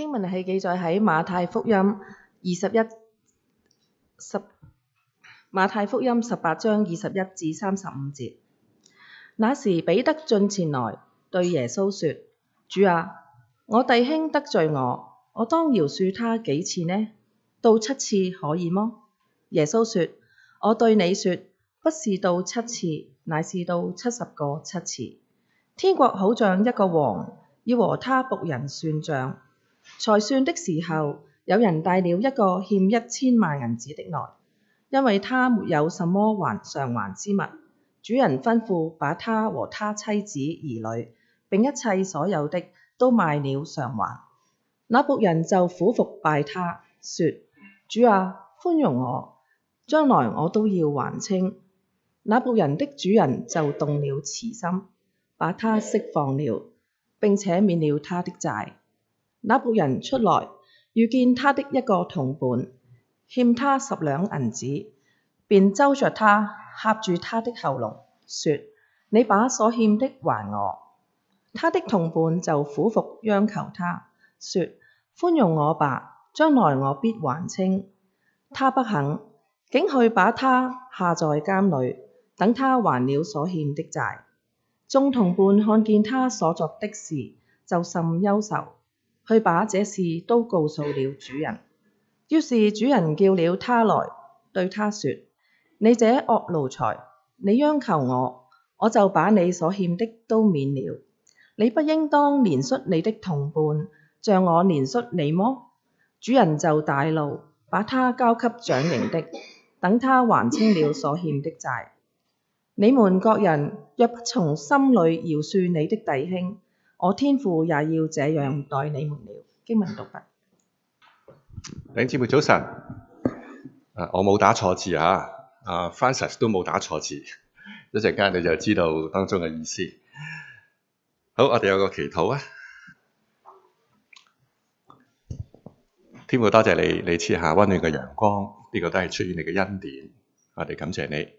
經文係記載喺馬太福音二十一十，馬太福音十八章二十一至三十五節。那時彼得進前來對耶穌說：主啊，我弟兄得罪我，我當饒恕他幾次呢？到七次可以麼？耶穌說：我對你說，不是到七次，乃是到七十個七次。天國好像一個王要和他僕人算賬。才算的時候，有人帶了一個欠一千萬銀子的來，因為他沒有什麼還償還之物。主人吩咐把他和他妻子、兒女並一切所有的都賣了償還。那僕人就俯伏拜他，說：主啊，寬容我，將來我都要還清。那僕人的主人就動了慈心，把他釋放了，並且免了他的債。那僕人出來遇見他的一個同伴欠他十兩銀子，便揪着他、掐住他的喉嚨，說：你把所欠的還我。他的同伴就俯伏央求他說：寬容我吧，將來我必還清。他不肯，竟去把他下在監裏，等他還了所欠的債。眾同伴看見他所作的事，就甚憂愁。去把這事都告訴了主人，於是主人叫了他來，對他說：你這惡奴才，你央求我，我就把你所欠的都免了。你不應當憐恤你的同伴，像我憐恤你麼？主人就大怒，把他交給掌刑的，等他還清了所欠的債。你們各人若不從心裡饒恕你的弟兄，我天父也要這樣對你們了。經文讀畢，頂姊妹早晨。啊、我冇打錯字啊。啊 Francis 都冇打錯字。一陣間你就知道當中嘅意思。好，我哋有個祈禱啊。天父，多謝你，你賜下温暖嘅陽光，呢、這個都係出於你嘅恩典。我哋感謝你，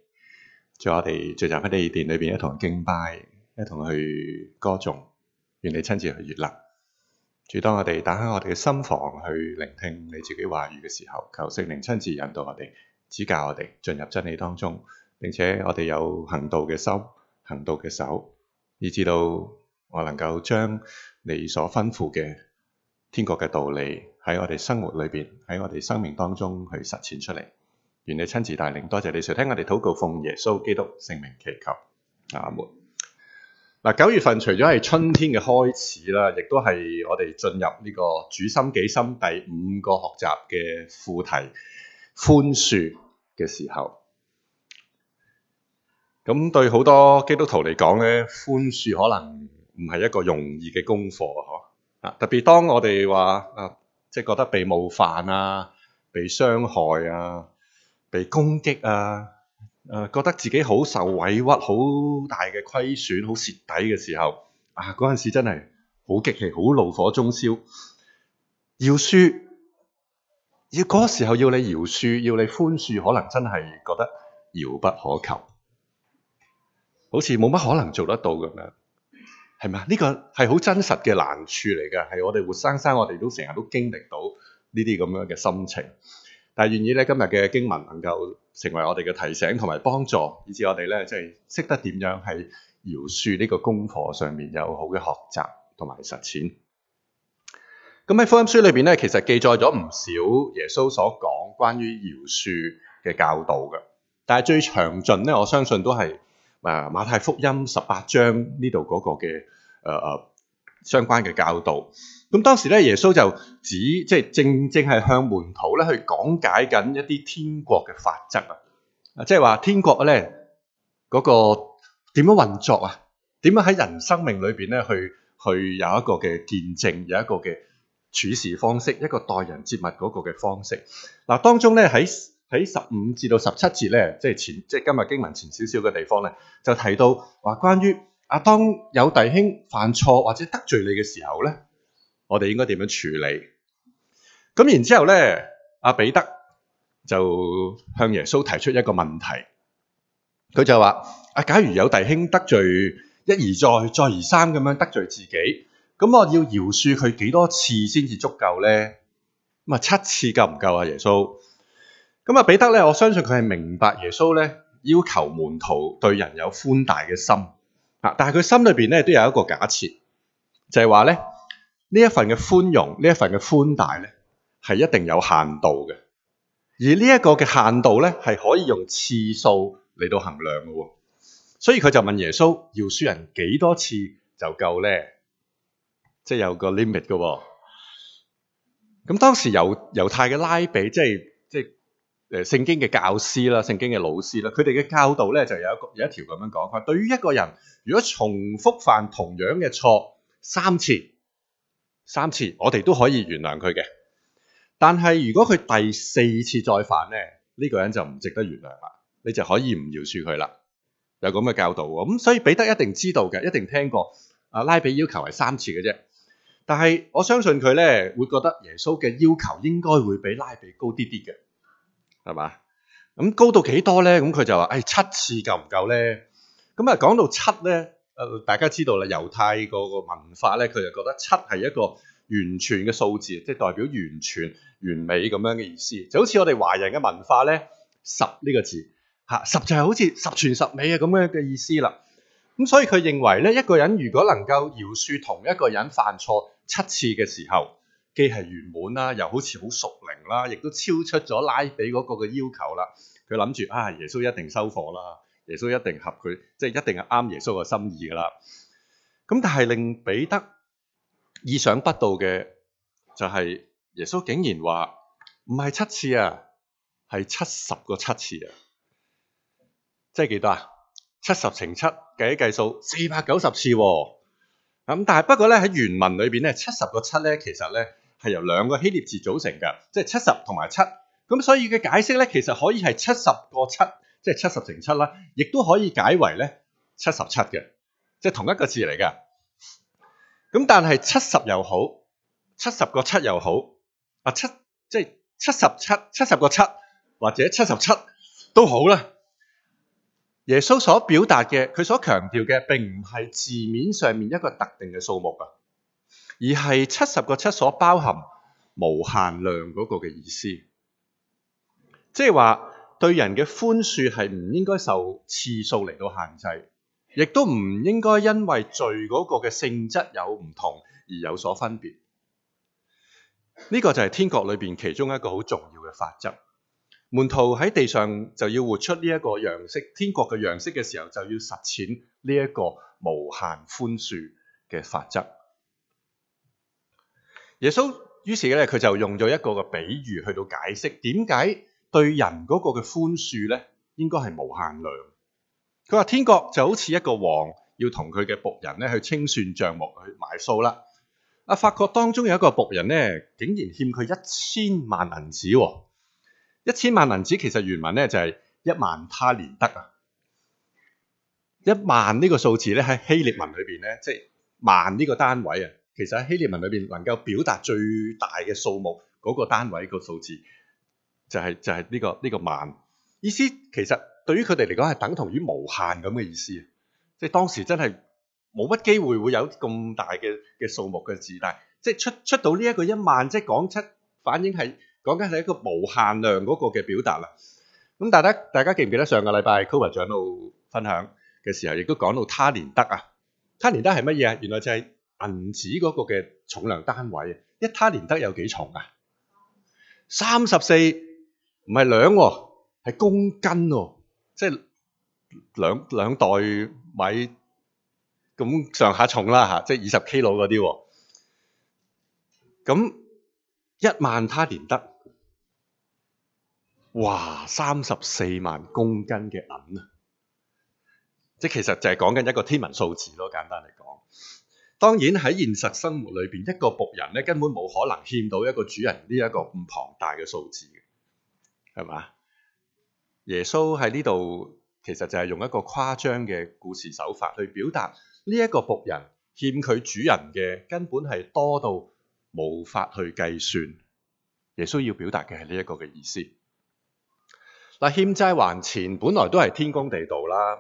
最後我在我哋聚集喺你殿裏邊，一同敬拜，一同去歌頌。願你親自去悦納，主當我哋打開我哋嘅心房去聆聽你自己話語嘅時候，求聖靈親自引導我哋，指教我哋進入真理當中，並且我哋有行道嘅心、行道嘅手，以致到我能夠將你所吩咐嘅天國嘅道理喺我哋生活裏面、喺我哋生命當中去實踐出嚟。願你親自帶領，多謝你收聽我哋禱告，奉耶穌基督聖名祈求，阿門。嗱，九月份除咗係春天嘅開始啦，亦都係我哋進入呢個主心己心第五個學習嘅副題寬恕嘅時候。咁對好多基督徒嚟講咧，寬恕可能唔係一個容易嘅功課，嗬。啊，特別當我哋話啊，即係覺得被冒犯啊、被傷害啊、被攻擊啊。誒、呃，覺得自己好受委屈，好大嘅虧損，好蝕底嘅時候，啊，嗰陣時真係好激氣，好怒火中燒，要輸，要嗰個時候要你饒恕，要你寬恕，可能真係覺得遙不可及，好似冇乜可能做得到咁樣，係咪啊？呢、這個係好真實嘅難處嚟㗎，係我哋活生生，我哋都成日都經歷到呢啲咁樣嘅心情。但係願意今日嘅經文能夠成為我哋嘅提醒同埋幫助，以至我哋咧即係識得點樣喺饒恕呢個功課上面有好嘅學習同埋實踐。咁喺福音書裏邊咧，其實記載咗唔少耶穌所講關於饒恕嘅教導嘅。但係最詳盡咧，我相信都係誒、呃、馬太福音十八章呢度嗰個嘅誒誒。呃呃相關嘅教導，咁當時咧，耶穌就指，即係正正係向門徒咧去講解緊一啲天國嘅法則啊！啊，即係話天國咧嗰個點樣運作啊？點樣喺人生命裏邊咧去去有一個嘅見證，有一個嘅處事方式，一個待人接物嗰個嘅方式。嗱，當中咧喺喺十五至到十七節咧，即係前即係今日經文前少少嘅地方咧，就提到話關於。阿當有弟兄犯錯或者得罪你嘅時候咧，我哋應該點樣處理？咁然之後咧，阿彼得就向耶穌提出一個問題，佢就話：阿假如有弟兄得罪一而再、再而三咁樣得罪自己，咁我要饒恕佢幾多次先至足夠咧？咁啊，七次夠唔夠啊？耶穌？咁啊，彼得咧，我相信佢係明白耶穌咧要求門徒對人有寬大嘅心，啊！但係佢心裏邊咧，都有一個假設，就係話咧，呢一份嘅寬容，呢一份嘅寬大咧，係一定有限度嘅。而呢一個嘅限度咧，係可以用次數嚟到衡量㗎喎。所以佢就問耶穌：要恕人幾多次就夠咧？即係有個 limit 㗎喎。咁當時猶猶太嘅拉比，即係即係。誒聖經嘅教師啦，聖經嘅老師啦，佢哋嘅教導咧就有一個有一條咁樣講法：對於一個人，如果重複犯同樣嘅錯三次，三次，我哋都可以原諒佢嘅。但係如果佢第四次再犯咧，呢個人就唔值得原諒啦，你就可以唔饒恕佢啦。有咁嘅教導喎，咁所以彼得一定知道嘅，一定聽過啊，拉比要求係三次嘅啫，但係我相信佢咧會覺得耶穌嘅要求應該會比拉比高啲啲嘅。係嘛？咁高到幾多咧？咁佢就話，誒，七次夠唔夠咧？咁啊，講到七咧，誒，大家知道啦，猶太個文化咧，佢就覺得七係一個完全嘅數字，即係代表完全完美咁樣嘅意思。就好似我哋華人嘅文化咧，十呢個字，吓十就係好似十全十美啊咁樣嘅意思啦。咁所以佢認為咧，一個人如果能夠饒恕同一個人犯錯七次嘅時候，既係圓滿啦，又好似好熟靈啦，亦都超出咗拉比嗰個嘅要求啦。佢諗住啊，耶穌一定收貨啦，耶穌一定合佢，即係一定係啱耶穌嘅心意噶啦。咁但係令彼得意想不到嘅就係，耶穌竟然話唔係七次啊，係七十個七次啊。即係幾多啊？七十乘七計一計數，四百九十次喎。咁但係不過咧，喺原文裏邊咧，七十個七咧其實咧，係由兩個希臘字組成嘅，即係七十同埋七，咁所以嘅解釋咧，其實可以係七十個七，即係七十乘七啦，亦都可以解為咧七十七嘅，即係同一個字嚟嘅。咁但係七十又好，七十個七又好，啊七即係七十七，七十個七或者七十七都好啦。耶穌所表達嘅，佢所強調嘅並唔係字面上面一個特定嘅數目啊。而係七十個七所包含無限量嗰個嘅意思，即係話對人嘅寬恕係唔應該受次數嚟到限制，亦都唔應該因為罪嗰個嘅性質有唔同而有所分別。呢個就係天國裏邊其中一個好重要嘅法則。門徒喺地上就要活出呢一個樣式，天國嘅樣式嘅時候就要實踐呢一個無限寬恕嘅法則。耶穌於是咧，佢就用咗一個個比喻去到解釋點解對人嗰個嘅寬恕咧，應該係無限量。佢話天國就好似一個王要同佢嘅僕人咧去清算帳目去埋數啦。啊，發覺當中有一個僕人咧，竟然欠佢一千萬銀子。一千萬銀子其實原文咧就係「一萬他連得」。啊。一萬呢個數字咧喺希臘文裏邊咧，即係萬呢個單位啊。其實喺希臘文裏邊能夠表達最大嘅數目嗰個單位個數字，就係、是、就係、是、呢、這個呢、這個萬意思。其實對於佢哋嚟講係等同於無限咁嘅意思，即係當時真係冇乜機會會有咁大嘅嘅數目嘅字，但係即係出出到呢一個一萬，即係講出反應係講緊係一個無限量嗰個嘅表達啦。咁、嗯、大家大家記唔記得上個禮拜 c o v 柯伯長度分享嘅時候，亦都講到他連得啊？他連得係乜嘢啊？原來就係、是。銀紙嗰個嘅重量單位，一他連得有幾重啊？三十四唔係兩喎，係公斤喎、啊，即係兩兩袋米咁上下重啦嚇，即係二十 K 佬嗰啲喎。咁一萬他連得，哇，三十四萬公斤嘅銀啊！即係其實就係講緊一個天文數字咯、啊，簡單嚟講。當然喺現實生活裏邊，一個僕人咧根本冇可能欠到一個主人呢一個咁龐大嘅數字嘅，係嘛？耶穌喺呢度其實就係用一個誇張嘅故事手法去表達呢一個僕人欠佢主人嘅根本係多到無法去計算。耶穌要表達嘅係呢一個嘅意思。嗱，欠債還錢本來都係天公地道啦。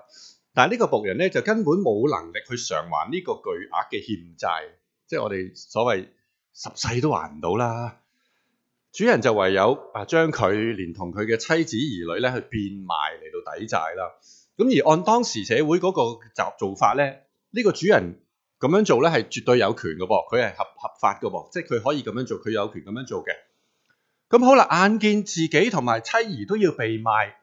但係呢個僕人咧就根本冇能力去償還呢個巨額嘅欠債，即係我哋所謂十世都還唔到啦。主人就唯有啊將佢連同佢嘅妻子兒女咧去變賣嚟到抵債啦。咁而按當時社會嗰個做法咧，呢個主人咁樣做咧係絕對有權嘅噃，佢係合合法嘅噃，即係佢可以咁樣做，佢有權咁樣做嘅。咁好啦，眼見自己同埋妻兒都要被賣。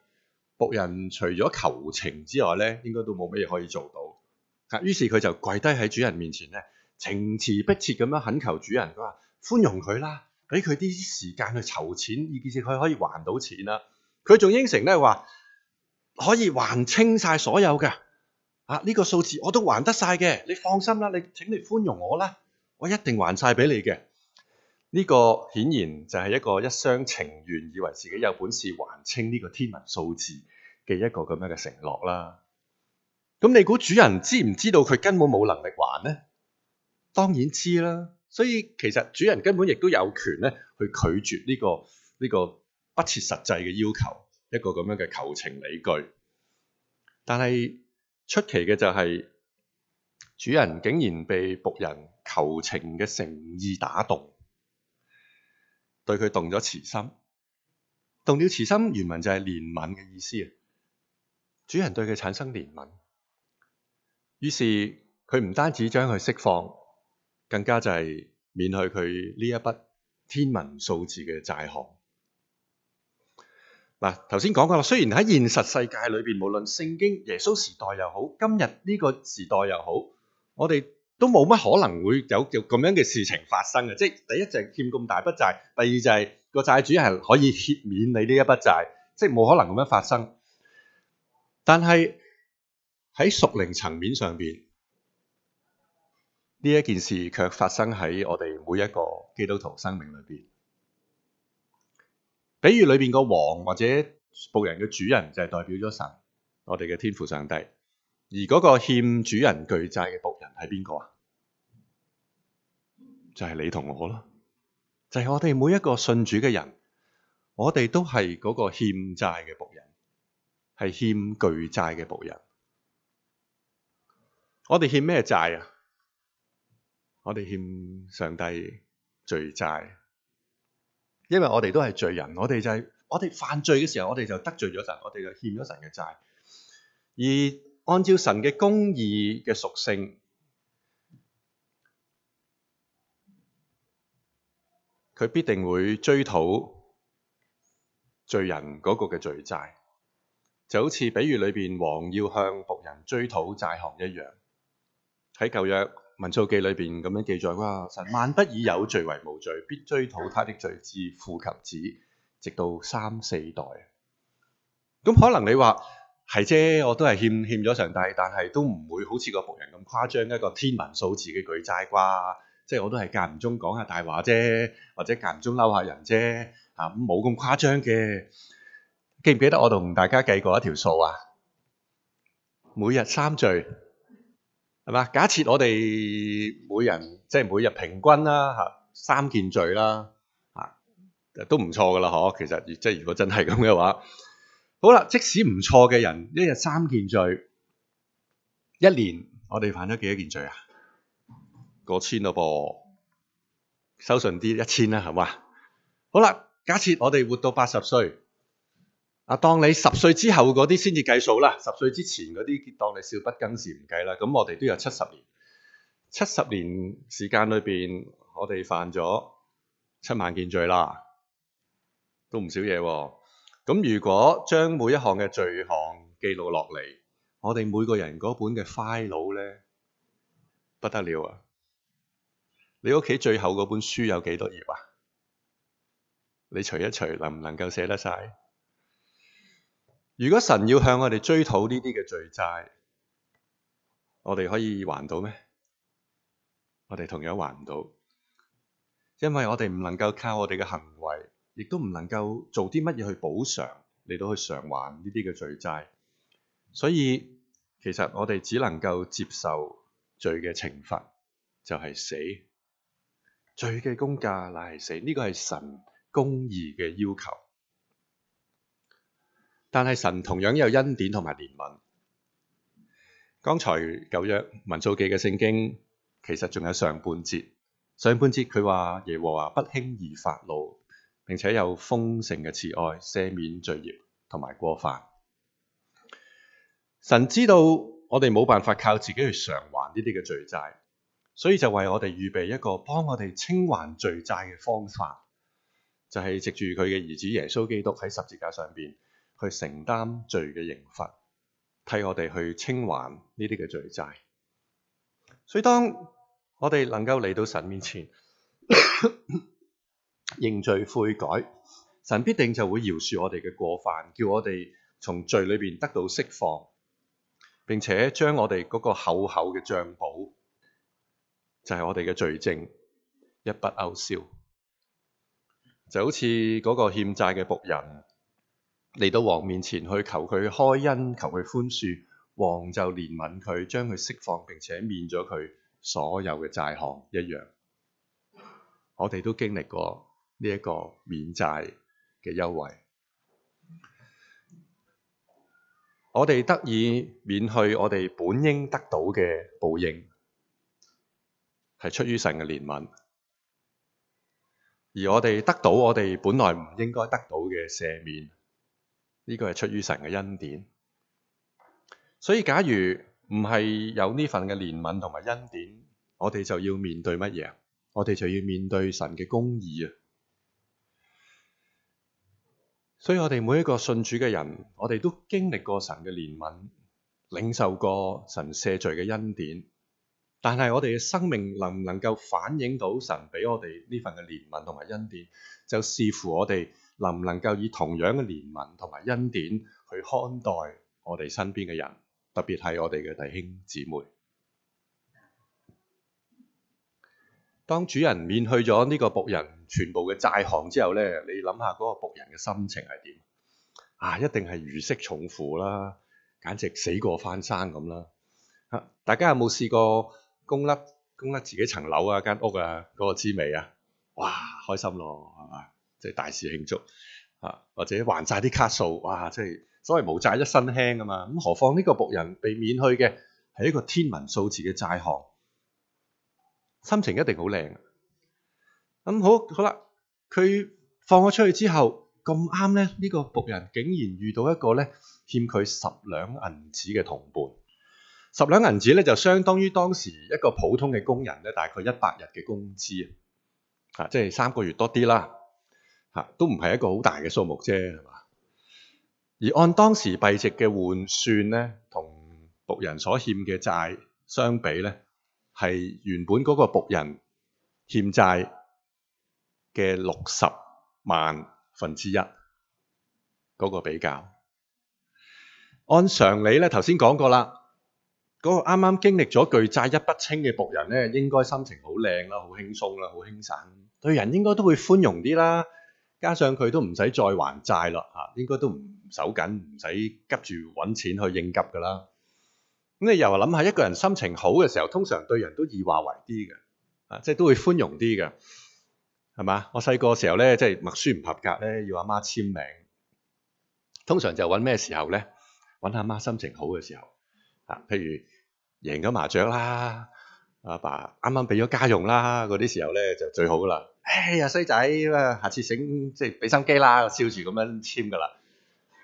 僕人除咗求情之外咧，應該都冇乜嘢可以做到。啊，於是佢就跪低喺主人面前咧，情辭迫切咁樣懇求主人，佢話寬容佢啦，俾佢啲時間去籌錢，意思是佢可以還到錢啦。佢仲應承咧話可以還清晒所有嘅。啊，呢、這個數字我都還得晒嘅，你放心啦，你請你寬容我啦，我一定還晒俾你嘅。呢個顯然就係一個一廂情願，以為自己有本事還清呢個天文數字嘅一個咁樣嘅承諾啦。咁你估主人知唔知道佢根本冇能力還呢？當然知啦。所以其實主人根本亦都有權呢去拒絕呢個呢個不切實際嘅要求，一個咁樣嘅求情理據。但係出奇嘅就係主人竟然被僕人求情嘅誠意打動。對佢動咗慈心，動咗慈心，原文就係憐憫嘅意思。主人對佢產生憐憫，於是佢唔單止將佢釋放，更加就係免去佢呢一筆天文數字嘅債項。嗱，頭先講過啦，雖然喺現實世界裏面，無論聖經耶穌時代又好，今日呢個時代又好，我哋，都冇乜可能會有咁樣嘅事情發生嘅，即係第一就係欠咁大筆債，第二就係個債主係可以豁免你呢一筆債，即係冇可能咁樣發生。但係喺屬靈層面上邊，呢一件事卻發生喺我哋每一個基督徒生命裏邊。比如裏邊個王或者僕人嘅主人就係代表咗神，我哋嘅天父上帝。而嗰個欠主人巨債嘅僕人係邊個啊？就係、是、你同我咯，就係、是、我哋每一個信主嘅人，我哋都係嗰個欠債嘅僕人，係欠巨債嘅僕人。我哋欠咩債啊？我哋欠上帝罪債，因為我哋都係罪人，我哋就係、是、我哋犯罪嘅時候，我哋就得罪咗神，我哋就欠咗神嘅債，而，按照神嘅公義嘅屬性，佢必定會追討罪人嗰個嘅罪債，就好似比喻裏邊王要向僕人追討債行一樣。喺舊約民數記裏面咁樣記載：哇！神萬不以有罪為無罪，必追討他的罪，之父及子，直到三四代。咁可能你話？係啫，我都係欠欠咗上帝，但係都唔會好似個僕人咁誇張，一個天文數字嘅巨債啩，即係我都係間唔中講下大話啫，或者間唔中嬲下人啫，嚇冇咁誇張嘅。記唔記得我同大家計過一條數啊？每日三罪係嘛？假設我哋每人即係、即係、每日平均啦、啊、嚇、啊、三件罪啦、啊、嚇、啊，都唔錯噶啦嗬。其實即係如果真係咁嘅話。好啦，即使唔錯嘅人一日三件罪，一年我哋犯咗幾多少件罪啊？過千咯噃，收順啲一,一千啦，係嘛？好啦，假設我哋活到八十歲，啊，當你十歲之後嗰啲先至計數啦，十歲之前嗰啲當你少不更事唔計啦。咁我哋都有七十年，七十年時間裏邊，我哋犯咗七萬件罪啦，都唔少嘢啊。咁如果將每一項嘅罪行記錄落嚟，我哋每個人嗰本嘅 file 咧，不得了啊！你屋企最後嗰本書有幾多頁啊？你除一除，能唔能夠寫得晒？如果神要向我哋追討呢啲嘅罪債，我哋可以還到咩？我哋同樣還唔到，因為我哋唔能夠靠我哋嘅行為。亦都唔能夠做啲乜嘢去補償嚟到去償還呢啲嘅罪債，所以其實我哋只能夠接受罪嘅懲罰，就係死。罪嘅工價乃係死，呢個係神公義嘅要求。但係神同樣有恩典同埋憐憫。剛才《舊約民數記》嘅聖經其實仲有上半節，上半節佢話耶和華不輕易發怒。並且有豐盛嘅慈愛，赦免罪孽同埋過犯。神知道我哋冇辦法靠自己去償還呢啲嘅罪債，所以就為我哋預備一個幫我哋清還罪債嘅方法，就係、是、藉住佢嘅兒子耶穌基督喺十字架上邊去承擔罪嘅刑罰，替我哋去清還呢啲嘅罪債。所以當我哋能夠嚟到神面前， 認罪悔改，神必定就會饒恕我哋嘅過犯，叫我哋從罪裏面得到釋放，並且將我哋嗰個厚厚嘅賬簿，就係、是、我哋嘅罪證一筆勾銷。就好似嗰個欠債嘅僕人嚟到王面前去求佢開恩、求佢寬恕，王就憐憫佢，將佢釋放，並且免咗佢所有嘅債項一樣。我哋都經歷過。呢一個免債嘅優惠，我哋得以免去我哋本應得到嘅報應，係出於神嘅憐憫；而我哋得到我哋本來唔應該得到嘅赦免，呢個係出於神嘅恩典。所以，假如唔係有呢份嘅憐憫同埋恩典，我哋就要面對乜嘢？我哋就要面對神嘅公義啊！所以我哋每一個信主嘅人，我哋都經歷過神嘅憐憫，領受過神赦罪嘅恩典。但係我哋嘅生命能唔能夠反映到神畀我哋呢份嘅憐憫同埋恩典，就視乎我哋能唔能夠以同樣嘅憐憫同埋恩典去看待我哋身邊嘅人，特別係我哋嘅弟兄姊妹。當主人免去咗呢個僕人全部嘅債項之後咧，你諗下嗰個僕人嘅心情係點？啊，一定係如釋重負啦，簡直死過翻生咁啦！嚇、啊，大家有冇試過供甩供甩自己層樓啊、間屋啊嗰個滋味啊？哇，開心咯，係嘛？即係大肆慶祝啊！或者還債啲卡數，哇！即係所謂無債一身輕啊嘛。咁何況呢個僕人被免去嘅係一個天文數字嘅債項。心情一定、嗯、好靚。咁好好啦，佢放咗出去之後，咁啱咧，呢、這個僕人竟然遇到一個咧欠佢十兩銀子嘅同伴。十兩銀子咧就相當於當時一個普通嘅工人咧大概一百日嘅工資，嚇、啊，即係三個月多啲啦，嚇、啊、都唔係一個好大嘅數目啫，係嘛？而按當時幣值嘅換算咧，同僕人所欠嘅債相比咧。係原本嗰個僕人欠債嘅六十萬分之一嗰個比較，按常理咧，頭先講過啦，嗰個啱啱經歷咗巨債一筆清嘅僕人咧，應該心情好靚啦，好輕鬆啦，好輕省，對人應該都會寬容啲啦。加上佢都唔使再還債啦，嚇，應該都唔手緊，唔使急住揾錢去應急㗎啦。咁你又諗下，一個人心情好嘅時候，通常對人都易話為啲嘅，啊，即係都會寬容啲嘅，係嘛？我細個嘅時候咧，即係默書唔合格咧，要阿媽簽名，通常就揾咩時候咧？揾阿媽，媽心情好嘅時候，啊，譬如贏咗麻雀啦，阿爸啱啱俾咗家用啦，嗰啲時候咧就最好啦。嗯、哎呀，衰仔，下次醒即係俾心機啦，笑住咁樣簽噶啦。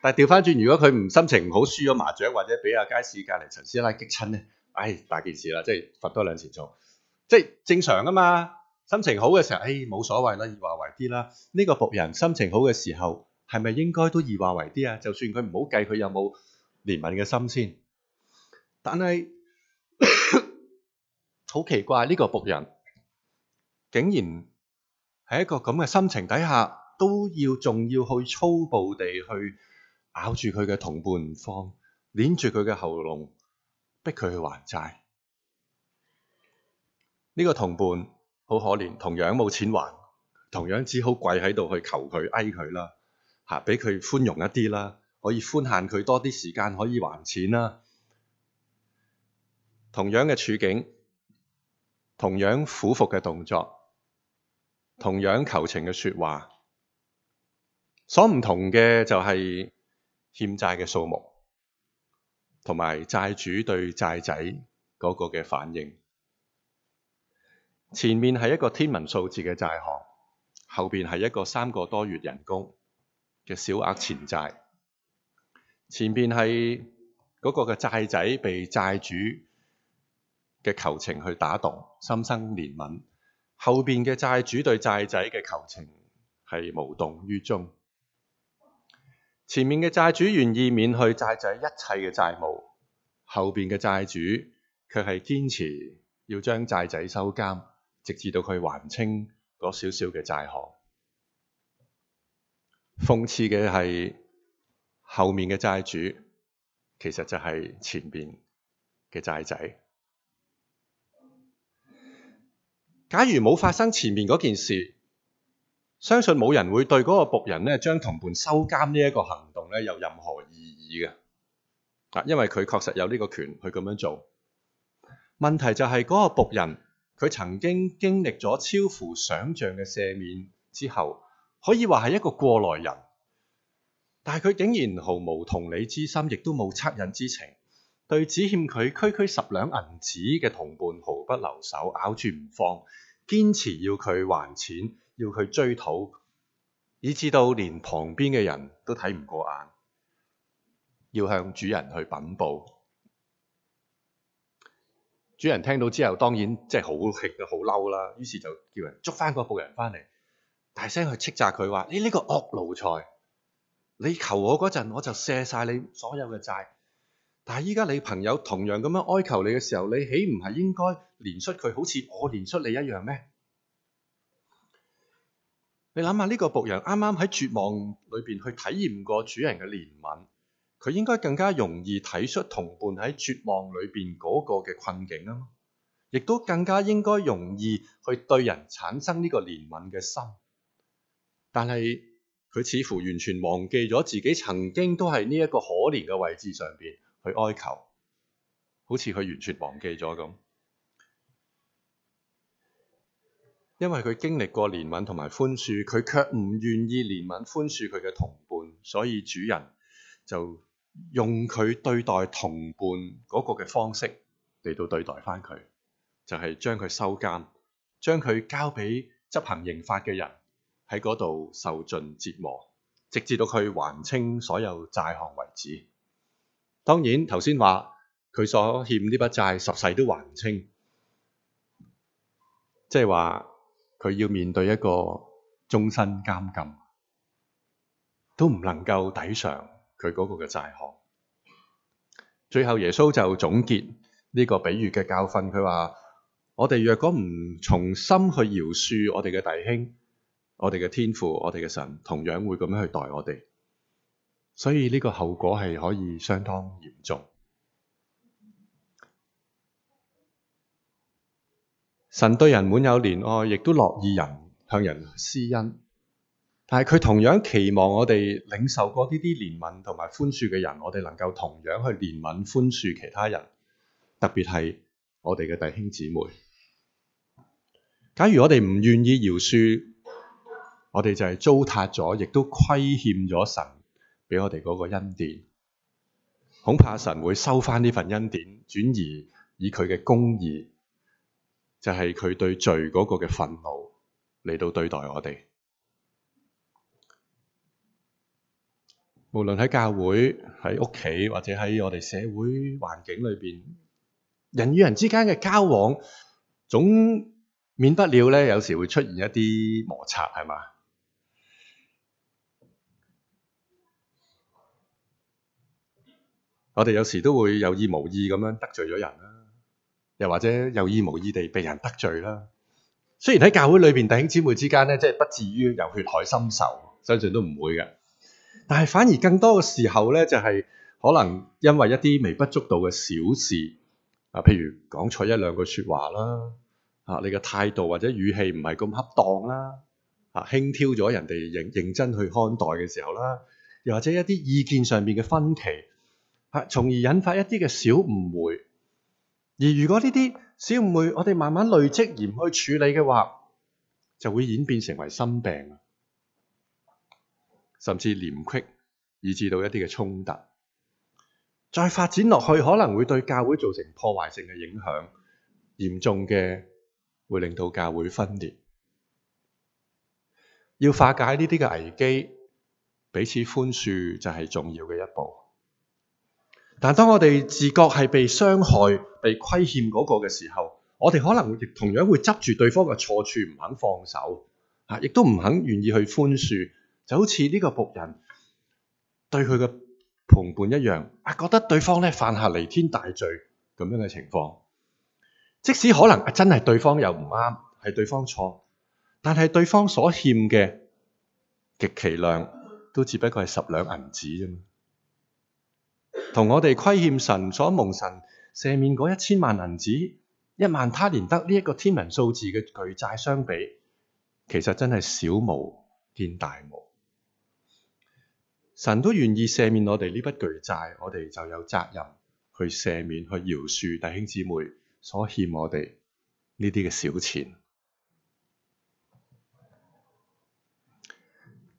但係調翻轉，如果佢唔心情唔好，輸咗麻雀或者俾阿街市隔離陳師奶激親咧，唉，大件事啦，即係罰多兩次做，即係正常啊嘛。心情好嘅時候，唉，冇所謂啦，易話為啲啦。呢個僕人心情好嘅時候，係咪應該都易話為啲啊？就算佢唔好計，佢有冇憐憫嘅心先。但係好 奇怪，呢個僕人竟然喺一個咁嘅心情底下，都要仲要去粗暴地去。咬住佢嘅同伴唔放，捏住佢嘅喉嚨，逼佢去還債。呢個同伴好可憐，同樣冇錢還，同樣只好跪喺度去求佢哎佢啦，吓俾佢寬容一啲啦，可以寬限佢多啲時間可以還錢啦。同樣嘅處境，同樣苦服嘅動作，同樣求情嘅說話，所唔同嘅就係。欠債嘅數目，同埋債主對債仔嗰個嘅反應。前面係一個天文數字嘅債項，後面係一個三個多月人工嘅小額欠債。前面係嗰個嘅債仔被債主嘅求情去打動，心生憐憫。後面嘅債主對債仔嘅求情係無動於衷。前面嘅債主願意免去債仔一切嘅債務，後面嘅債主卻係堅持要將債仔收監，直至到佢還清嗰少少嘅債項。諷刺嘅係，後面嘅債主其實就係前面嘅債仔。假如冇發生前面嗰件事，相信冇人會對嗰個僕人咧將同伴收監呢一個行動咧有任何異議嘅，啊，因為佢確實有呢個權去咁樣做。問題就係嗰個僕人，佢曾經經歷咗超乎想像嘅赦免之後，可以話係一個過來人，但係佢竟然毫無同理之心，亦都冇惻隱之情，對只欠佢區區十兩銀紙嘅同伴毫不留手，咬住唔放。堅持要佢還錢，要佢追討，以致到連旁邊嘅人都睇唔過眼，要向主人去禀報。主人聽到之後，當然即係好氣、好嬲啦。於是就叫人捉翻個僕人翻嚟，大聲去斥責佢話：你呢個惡奴才，你求我嗰陣，我就卸晒你所有嘅債。但係依家你朋友同樣咁樣哀求你嘅時候，你豈唔係應該憐恤佢，好似我憐恤你一樣咩？你諗下呢個僕人啱啱喺絕望裏邊去體驗過主人嘅憐憫，佢應該更加容易睇出同伴喺絕望裏邊嗰個嘅困境啊！亦都更加應該容易去對人產生呢個憐憫嘅心。但係佢似乎完全忘記咗自己曾經都喺呢一個可憐嘅位置上邊。去哀求，好似佢完全忘記咗咁。因為佢經歷過憐憫同埋寬恕，佢卻唔願意憐憫寬恕佢嘅同伴，所以主人就用佢對待同伴嗰個嘅方式嚟到對待返佢，就係將佢收監，將佢交俾執行刑法嘅人喺嗰度受盡折磨，直至到佢還清所有債項為止。當然，頭先話佢所欠呢筆債十世都還唔清，即係話佢要面對一個終身監禁，都唔能夠抵償佢嗰個嘅債項。最後耶穌就總結呢個比喻嘅教訓，佢話：我哋若果唔從心去饒恕我哋嘅弟兄，我哋嘅天父、我哋嘅神，同樣會咁樣去待我哋。所以呢個後果係可以相當嚴重。神對人滿有憐愛，亦都樂意人向人施恩，但係佢同樣期望我哋領受過呢啲憐憫同埋寬恕嘅人，我哋能夠同樣去憐憫寬恕其他人，特別係我哋嘅弟兄姊妹。假如我哋唔願意饒恕，我哋就係糟蹋咗，亦都虧欠咗神。畀我哋嗰個恩典，恐怕神會收翻呢份恩典，轉移以佢嘅公義，就係佢對罪嗰個嘅憤怒嚟到對待我哋。無論喺教會、喺屋企或者喺我哋社會環境裏邊，人與人之間嘅交往，總免不了咧，有時會出現一啲摩擦，係嘛？我哋有時都會有意無意咁樣得罪咗人啦，又或者有意無意地被人得罪啦。雖然喺教會裏邊弟兄姊妹之間咧，即係不至於有血海深仇，相信都唔會嘅。但係反而更多嘅時候咧，就係可能因為一啲微不足道嘅小事啊，譬如講錯一兩句説話啦，啊，你嘅態度或者語氣唔係咁恰當啦，啊，輕佻咗人哋認認真去看待嘅時候啦，啊，又或者一啲意見上面嘅分歧。係，從而引發一啲嘅小誤會。而如果呢啲小誤會，我哋慢慢累積而唔去處理嘅話，就會演變成為心病，甚至嫌隙，以致到一啲嘅衝突。再發展落去，可能會對教會造成破壞性嘅影響，嚴重嘅會令到教會分裂。要化解呢啲嘅危機，彼此寬恕就係重要嘅一步。但係當我哋自覺係被傷害、被虧欠嗰個嘅時候，我哋可能亦同樣會執住對方嘅錯處唔肯放手，啊，亦都唔肯願意去寬恕，就好似呢個僕人對佢嘅同伴一樣，啊，覺得對方呢犯下彌天大罪咁樣嘅情況，即使可能真係對方又唔啱，係對方錯，但係對方所欠嘅極其量都只不過係十兩銀子同我哋虧欠神所蒙神赦免嗰一千萬銀子、一萬他連得呢一個天文數字嘅巨債相比，其實真係小巫見大巫。神都願意赦免我哋呢筆巨債，我哋就有責任去赦免、去饒恕弟兄姊妹所欠我哋呢啲嘅小錢。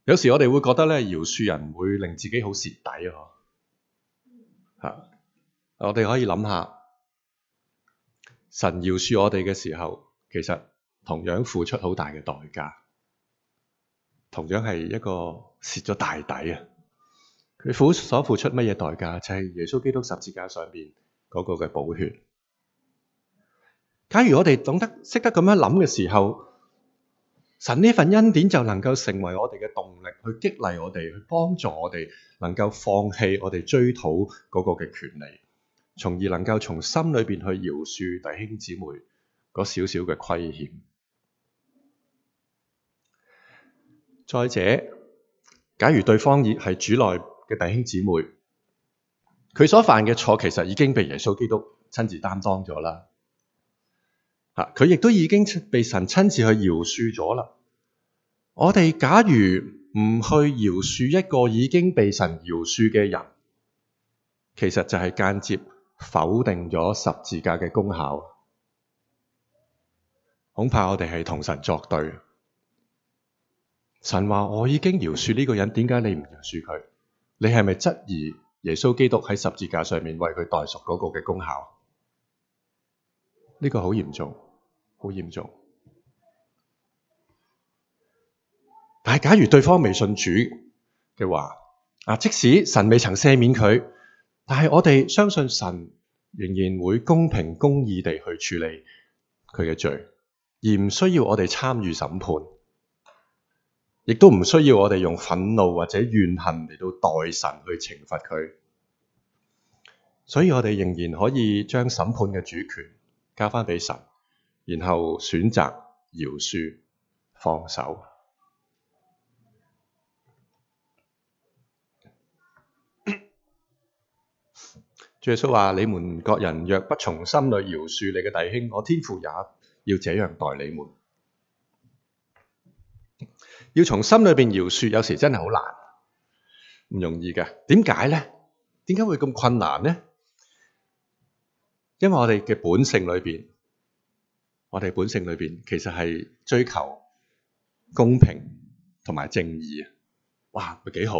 有時我哋會覺得咧，饒恕人會令自己好蝕底啊！我哋可以諗下，神饒恕我哋嘅時候，其實同樣付出好大嘅代價，同樣係一個蝕咗大底啊！佢付所付出乜嘢代價？就係耶穌基督十字架上邊嗰個嘅寶血。假如我哋懂得識得咁樣諗嘅時候，神呢份恩典就能夠成為我哋嘅動力，去激勵我哋，去幫助我哋，能夠放棄我哋追討嗰個嘅權利。從而能夠從心裏邊去饒恕弟兄姊妹嗰少少嘅虧欠。再者，假如對方已係主內嘅弟兄姊妹，佢所犯嘅錯其實已經被耶穌基督親自擔當咗啦。啊，佢亦都已經被神親自去饒恕咗啦。我哋假如唔去饒恕一個已經被神饒恕嘅人，其實就係間接。否定咗十字架嘅功效，恐怕我哋係同神作對。神話我已經饒恕呢個人，點解你唔饒恕佢？你係咪質疑耶穌基督喺十字架上面為佢代贖嗰個嘅功效？呢個好嚴重，好嚴重。但係假如對方未信主嘅話，啊，即使神未曾赦免佢。但係我哋相信神仍然會公平公義地去處理佢嘅罪，而唔需要我哋參與審判，亦都唔需要我哋用憤怒或者怨恨嚟到代神去懲罰佢。所以我哋仍然可以將審判嘅主權交翻畀神，然後選擇饒恕、放手。耶穌話：你們各人若不從心裏饒恕你嘅弟兄，我天父也要這樣待你們。要從心裏邊饒恕，有時真係好難，唔容易嘅。點解咧？點解會咁困難咧？因為我哋嘅本性裏邊，我哋本性裏邊其實係追求公平同埋正義啊！哇，幾好，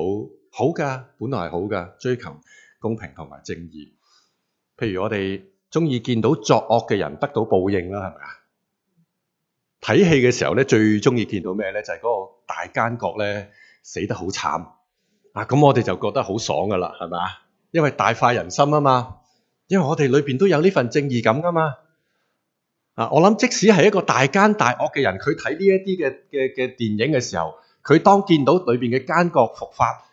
好㗎，本來係好㗎，追求公平同埋正義。譬如我哋中意見到作惡嘅人得到報應啦，係咪啊？睇戲嘅時候咧，最中意見到咩咧？就係嗰個大奸角咧死得好慘啊！咁我哋就覺得好爽噶啦，係咪啊？因為大快人心啊嘛！因為我哋裏邊都有呢份正義感噶嘛啊！我諗即使係一個大奸大惡嘅人，佢睇呢一啲嘅嘅嘅電影嘅時候，佢當見到裏邊嘅奸角伏法，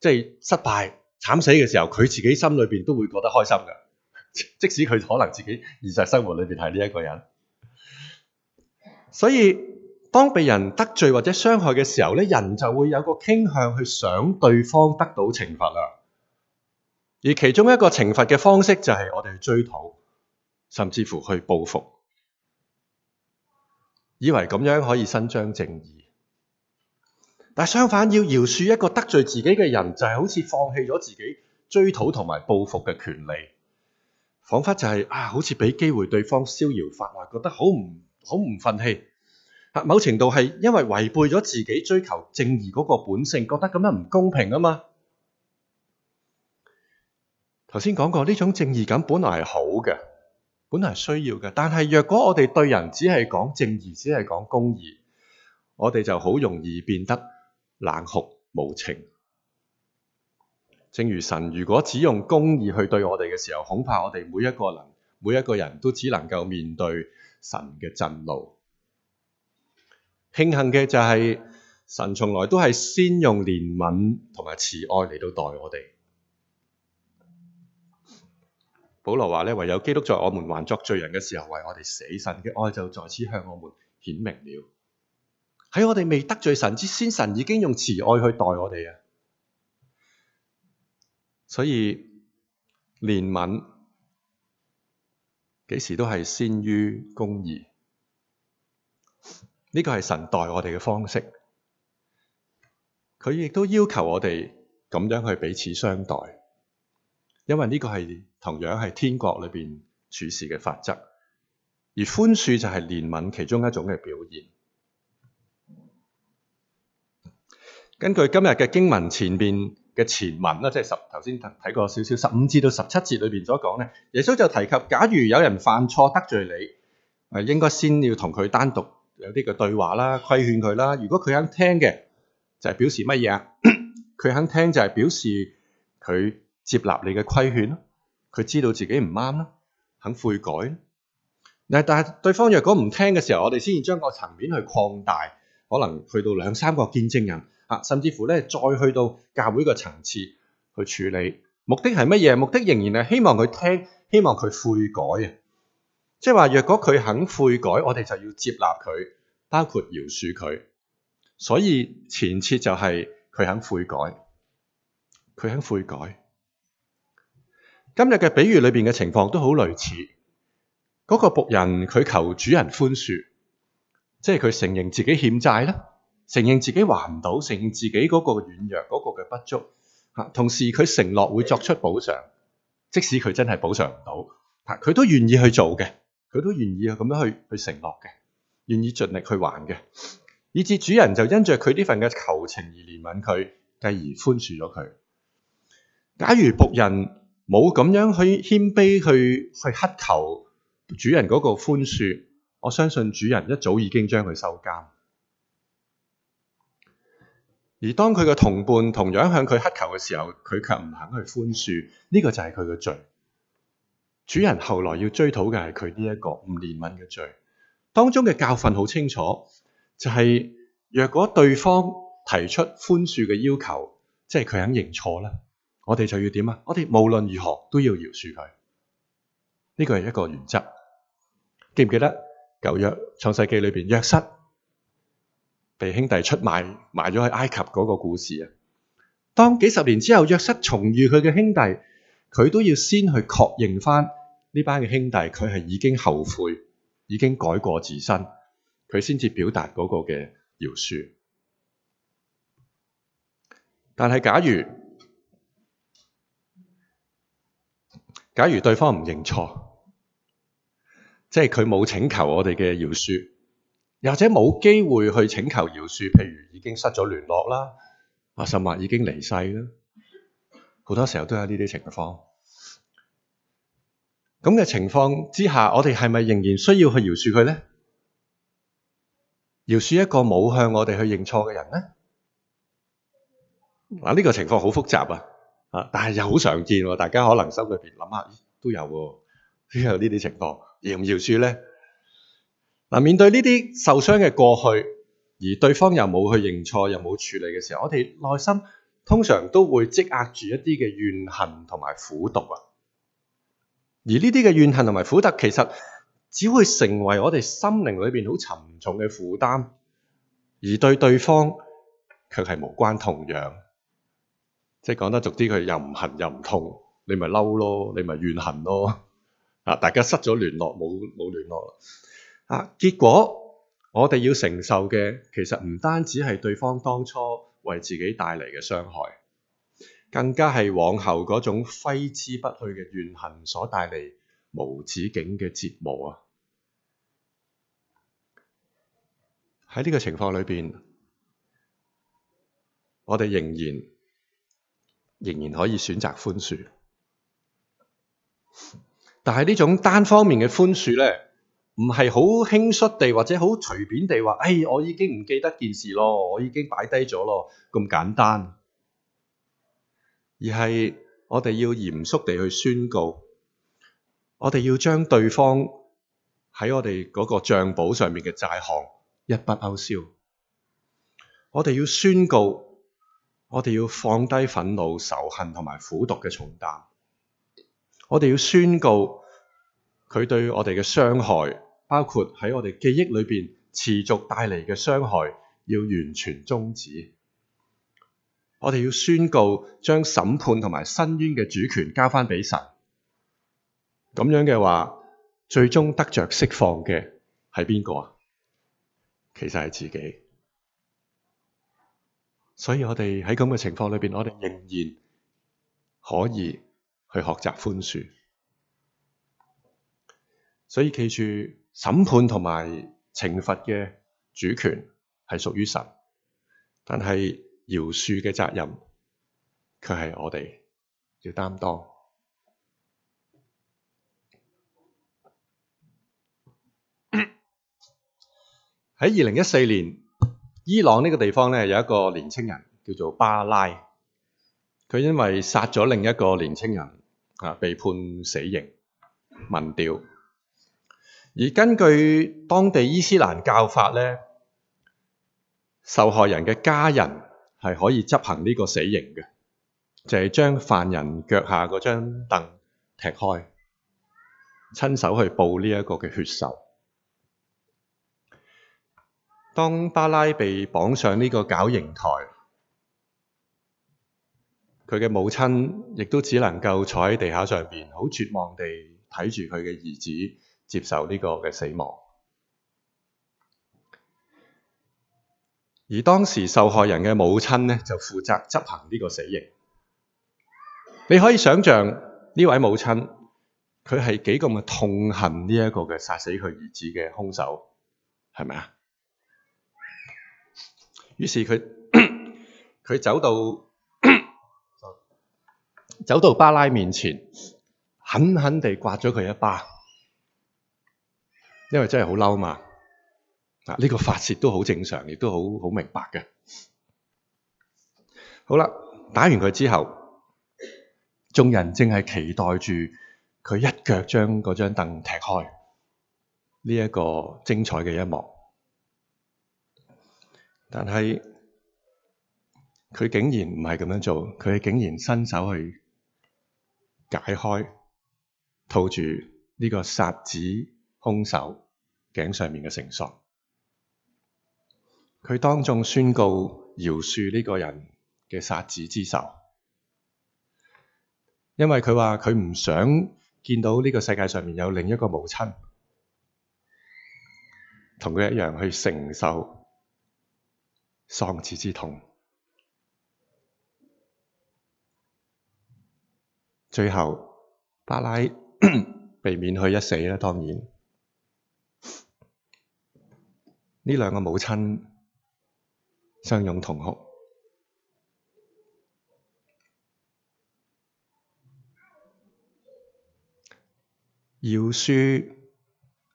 即係失敗慘死嘅時候，佢自己心裏邊都會覺得開心嘅。即使佢可能自己現實生活裏邊係呢一個人，所以當被人得罪或者傷害嘅時候呢，人就會有個傾向去想對方得到懲罰啦。而其中一個懲罰嘅方式就係我哋去追討，甚至乎去報復，以為咁樣可以伸張正義，但相反，要饒恕一個得罪自己嘅人，就係好似放棄咗自己追討同埋報復嘅權利。彷彿就係、是啊，好似俾機會對方逍遙法外，覺得好唔好唔憤氣。某程度係因為違背咗自己追求正義嗰個本性，覺得咁樣唔公平啊嘛！頭先講過，呢種正義感本來係好嘅，本來係需要嘅。但係若果我哋對人只係講正義，只係講公義，我哋就好容易變得冷酷無情。正如神如果只用公義去對我哋嘅時候，恐怕我哋每，每一個人都只能夠面對神嘅震怒。慶幸嘅就係、是、神從來都係先用憐憫同埋慈愛嚟到待我哋。保羅話，唯有基督在我們還作罪人嘅時候為我哋死，神嘅愛就在此向我們顯明了。喺、哎、我哋未得罪神之前，神已經用慈愛去待我哋啊！所以憐憫幾時都係先於公義，呢個係神待我哋嘅方式。佢亦都要求我哋咁樣去彼此相待，因為呢個係同樣係天國裏邊處事嘅法則。而寬恕就係憐憫其中一種嘅表現。根據今日嘅經文前邊。嘅前文啦，即係十頭先睇過少少，十五至到十七節裏邊所講咧，耶穌就提及，假如有人犯錯得罪你，啊應該先要同佢單獨有啲嘅對話啦，規勸佢啦。如果佢肯聽嘅，就係表示乜嘢啊？佢 肯聽就係表示佢接納你嘅規勸咯，佢知道自己唔啱啦，肯悔改。嗱，但係對方若果唔聽嘅時候，我哋先至將個層面去擴大，可能去到兩三個見證人。啊，甚至乎咧，再去到教會個層次去處理，目的係乜嘢？目的仍然係希望佢聽，希望佢悔改啊！即係話，若果佢肯悔改，我哋就要接納佢，包括饒恕佢。所以前設就係佢肯悔改，佢肯悔改。今日嘅比喻裏邊嘅情況都好類似，嗰個僕人佢求主人寬恕，即係佢承認自己欠債咧。承認自己還唔到，承認自己嗰個軟弱、嗰、嗰個嘅不足，啊、同時佢承諾會作出補償，即使佢真係補償唔到，吓、啊、佢都願意去做嘅，佢都願意咁樣去去承諾嘅，願意盡力去還嘅。以致主人就因着佢呢份嘅求情而憐憫佢，繼而寬恕咗佢。假如僕人冇咁樣去謙卑去，去乞求主人嗰個寬恕，我相信主人一早已經將佢收監。而當佢個同伴，同樣向佢乞求嘅時候，佢卻唔肯去寬恕，呢、這個就係佢嘅罪。主人後來要追討嘅係佢呢一個唔憐憫嘅罪。當中嘅教訓好清楚，就係、是、若果對方提出寬恕嘅要求，即係佢肯認錯啦，我哋就要點啊？我哋無論如何都要饒恕佢。呢、這個係一個原則。記唔記得舊約創世紀裏邊約瑟？被兄弟出賣，賣咗去埃及嗰個故事啊。當幾十年之後，約瑟重遇佢嘅兄弟，佢都要先去確認返呢班嘅兄弟，佢係已經後悔，已經改過自身，佢先至表達嗰個嘅饒恕。但係假如，假如對方唔認錯，即係佢冇請求我哋嘅饒恕。或者冇機會去請求饒恕，譬如已經失咗聯絡啦，或甚或已經離世啦，好多時候都有呢啲情況。咁嘅情況之下，我哋係咪仍然需要去饒恕佢呢？饒恕一個冇向我哋去認錯嘅人呢？嗱，呢個情況好複雜啊！但係又好常見喎、啊，大家可能心裏邊諗下都有喎，都有呢、啊、啲情況，饒唔饒恕呢？面對呢啲受傷嘅過去，而對方又冇去認錯，又冇處理嘅時候，我哋內心通常都會積壓住一啲嘅怨恨同埋苦毒。而呢啲嘅怨恨同埋苦毒，苦其實只會成為我哋心靈裏面好沉重嘅負擔，而對對方卻係無關痛癢。即係講得俗啲，佢又唔恨又唔痛，你咪嬲咯，你咪怨恨咯。啊，大家失咗聯絡，冇冇聯絡了。啊！結果我哋要承受嘅，其實唔單止係對方當初為自己帶嚟嘅傷害，更加係往後嗰種揮之不去嘅怨恨所帶嚟無止境嘅折磨啊！喺呢個情況裏邊，我哋仍然仍然可以選擇寬恕，但係呢種單方面嘅寬恕咧，唔係好輕率地或者好隨便地話，哎，我已經唔記得件事咯，我已經擺低咗咯，咁簡單。而係我哋要嚴肅地去宣告，我哋要將對方喺我哋嗰個帳簿上面嘅債項一筆勾銷。我哋要宣告，我哋要放低憤怒、仇恨同埋苦毒嘅重擔。我哋要宣告佢對我哋嘅傷害。包括喺我哋記憶裏邊持續帶嚟嘅傷害，要完全終止。我哋要宣告將審判同埋申冤嘅主權交翻畀神。咁樣嘅話，最終得着釋放嘅係邊個啊？其實係自己。所以我哋喺咁嘅情況裏邊，我哋仍然可以去學習寬恕。所以記住。審判同埋懲罰嘅主權係屬於神，但係饒恕嘅責任，卻係我哋嘅擔當。喺二零一四年，伊朗呢個地方咧，有一個年輕人叫做巴拉，佢因為殺咗另一個年輕人啊，被判死刑，民調。而根據當地伊斯蘭教法呢，受害人嘅家人係可以執行呢個死刑嘅，就係將犯人腳下嗰張凳踢開，親手去報呢一個嘅血仇。當巴拉被綁上呢個絞刑台，佢嘅母親亦都只能夠坐喺地下上面，好絕望地睇住佢嘅兒子。接受呢個嘅死亡，而當時受害人嘅母親呢，就負責執行呢個死刑。你可以想象呢位母親，佢係幾咁痛恨呢一個嘅殺死佢兒子嘅凶手，係咪啊？於是佢佢走到走到巴拉面前，狠狠地刮咗佢一巴。因為真係好嬲嘛，呢個發泄都好正常，亦都好好明白嘅。好啦，打完佢之後，眾人正係期待住佢一腳將嗰張凳踢開呢一個精彩嘅一幕。但係佢竟然唔係咁樣做，佢竟然伸手去解開套住呢個殺子兇手頸上面嘅繩索，佢當眾宣告饒恕呢個人嘅殺子之仇，因為佢話佢唔想見到呢個世界上面有另一個母親同佢一樣去承受喪子之痛。最後，巴拉 避免佢一死啦，當然。呢兩個母親相擁痛哭，饒恕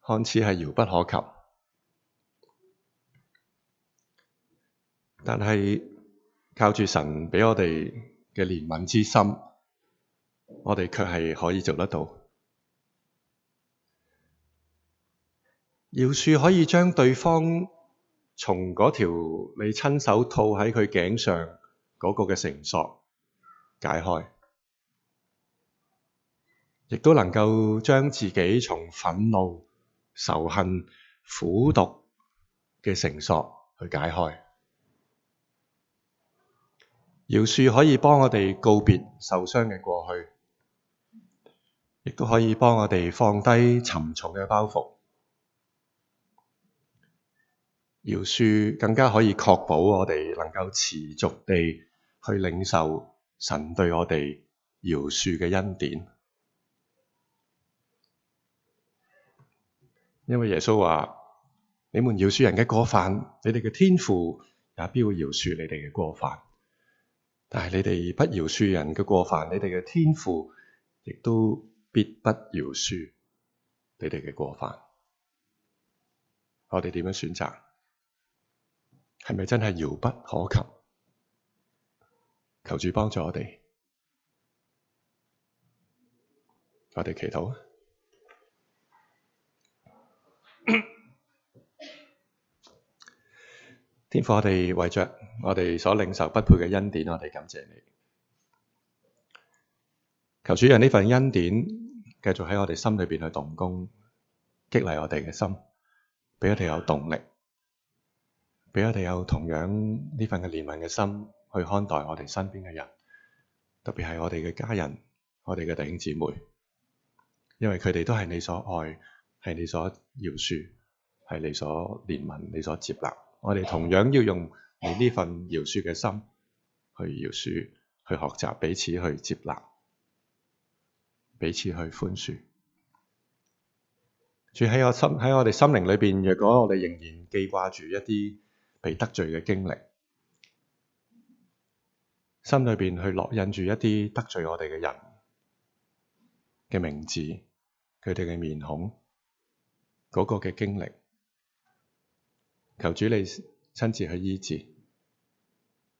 看似係遙不可及，但係靠住神畀我哋嘅憐憫之心，我哋卻係可以做得到。饒恕可以將對方從嗰條你親手套喺佢頸上嗰個嘅繩索解開，亦都能夠將自己從憤怒、仇恨、苦毒嘅繩索去解開。饒恕可以幫我哋告別受傷嘅過去，亦都可以幫我哋放低沉重嘅包袱。饒恕更加可以確保我哋能夠持續地去領受神對我哋饒恕嘅恩典，因為耶穌話：你們饒恕人嘅過犯，你哋嘅天父也必會饒恕你哋嘅過犯；但係你哋不饒恕人嘅過犯，你哋嘅天父亦都必不饒恕你哋嘅過犯。我哋點樣選擇？係咪真係遙不可及？求主幫助我哋，我哋祈禱啊！ 天父我，我哋為着我哋所領受不配嘅恩典，我哋感謝你。求主讓呢份恩典，繼續喺我哋心裏邊去動工，激勵我哋嘅心，畀我哋有動力。俾我哋有同樣呢份嘅憐憫嘅心去看待我哋身邊嘅人，特別係我哋嘅家人、我哋嘅弟兄姊妹，因為佢哋都係你所愛，係你所饒恕，係你所憐憫、你所接納。我哋同樣要用你呢份饒恕嘅心去饒恕、去學習彼此去接納、彼此去寬恕。住喺我心喺我哋心靈裏邊，若果我哋仍然記掛住一啲被得罪嘅經歷，心裏邊去烙印住一啲得罪我哋嘅人嘅名字，佢哋嘅面孔，嗰個嘅經歷，求主你親自去醫治，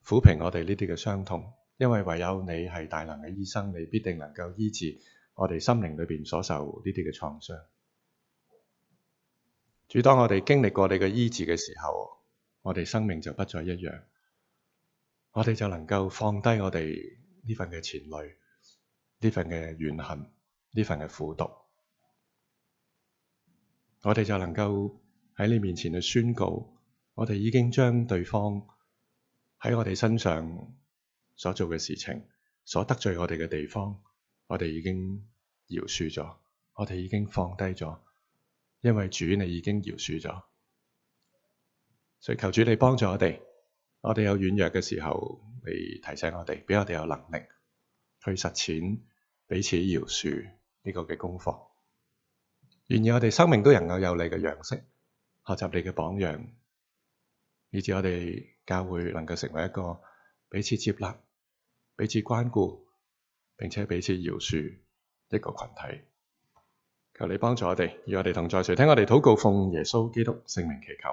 撫平我哋呢啲嘅傷痛，因為唯有你係大能嘅醫生，你必定能夠醫治我哋心靈裏邊所受呢啲嘅創傷。主，當我哋經歷過你嘅醫治嘅時候。我哋生命就不再一樣，我哋就能夠放低我哋呢份嘅前累、呢份嘅怨恨、呢份嘅苦毒。我哋就能夠喺你面前去宣告，我哋已經將對方喺我哋身上所做嘅事情，所得罪我哋嘅地方，我哋已經饒恕咗，我哋已經放低咗，因為主你已經饒恕咗。所以求主你幫助我哋，我哋有軟弱嘅時候，你提醒我哋，畀我哋有能力去實踐彼此饒恕呢個嘅功課。然而我哋生命都能夠有你嘅樣式，學習你嘅榜樣，以致我哋教會能夠成為一個彼此接納、彼此關顧，並且彼此饒恕一個群體。求你幫助我哋，與我哋同在，垂聽我哋禱告，奉耶穌基督聖名祈求。